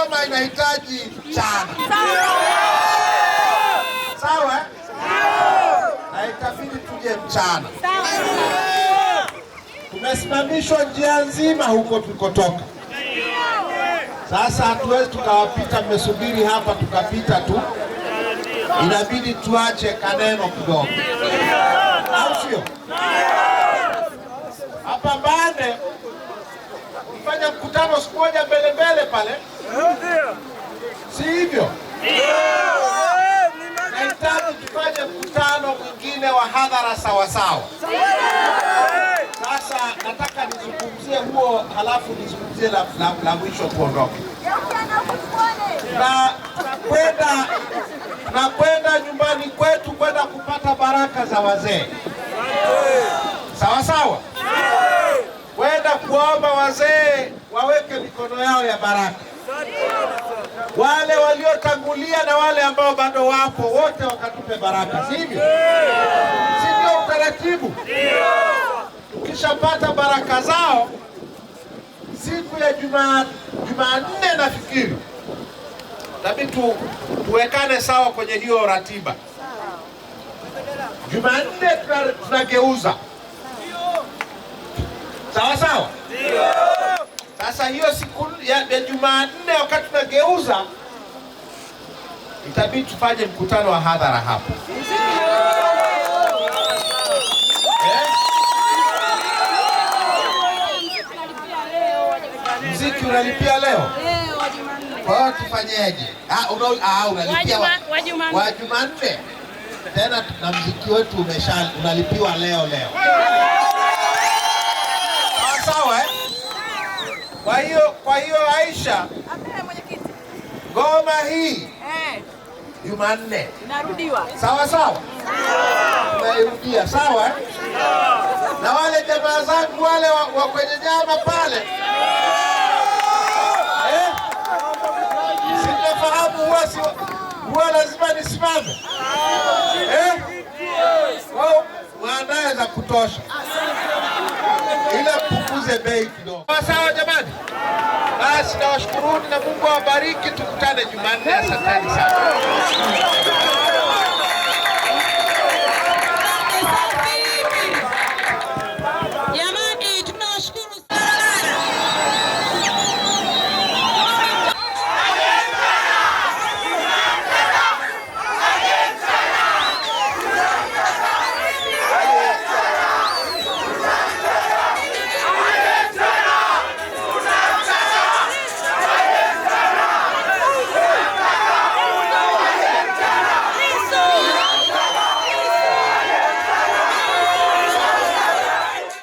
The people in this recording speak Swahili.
Dodoma inahitaji chama sawa, eh? na itabidi tuje mchana. Tumesimamishwa njia nzima huko tulikotoka. Sasa hatuwezi tukawapita, mmesubiri hapa tukapita tu, inabidi tuache kaneno kidogo, au sio? Hapa Mbande mfanya mkutano siku moja mbelembele pale si hivyo? Nahitaji tufanye mkutano mwingine wa hadhara sawasawa. Sasa nataka nizungumzie huo, halafu nizungumzie la, la, la mwisho kuondoka na kwenda na kwenda nyumbani kwetu kwenda kupata baraka za wazee sawasawa kwenda kuomba wazee waweke mikono yao ya baraka wale waliotangulia na wale ambao bado wapo, wote wakatupe baraka, sivyo? Si ndio utaratibu? Ukishapata baraka zao siku ya Jumanne juma nafikiri tabi tu, tuwekane sawa kwenye hiyo ratiba. Jumanne tunageuza, sawa sawa. Sasa hiyo siku ya, ya Jumanne wakati tunageuza, itabidi tufanye mkutano wa hadhara hapo eh? Mziki unalipia leo kwa tufanyeje? Ah, ah, unalipia wa Jumanne tena, na mziki wetu umesha unalipiwa leo leo. Kwa hiyo kwa hiyo Aisha, ngoma hii eh. Jumanne inarudiwa, sawa sawa, tunairudia sawa, na wale jamaa zangu wale wa kwenye nyama pale eh? Sinafahamu huwa si huwa lazima nisimame eh? Wao za kutosha ila tupunguze bei kidogo. Sawa jamani, basi nawashukuruni na Mungu awabariki. Tukutane Jumanne. Asanteni sana.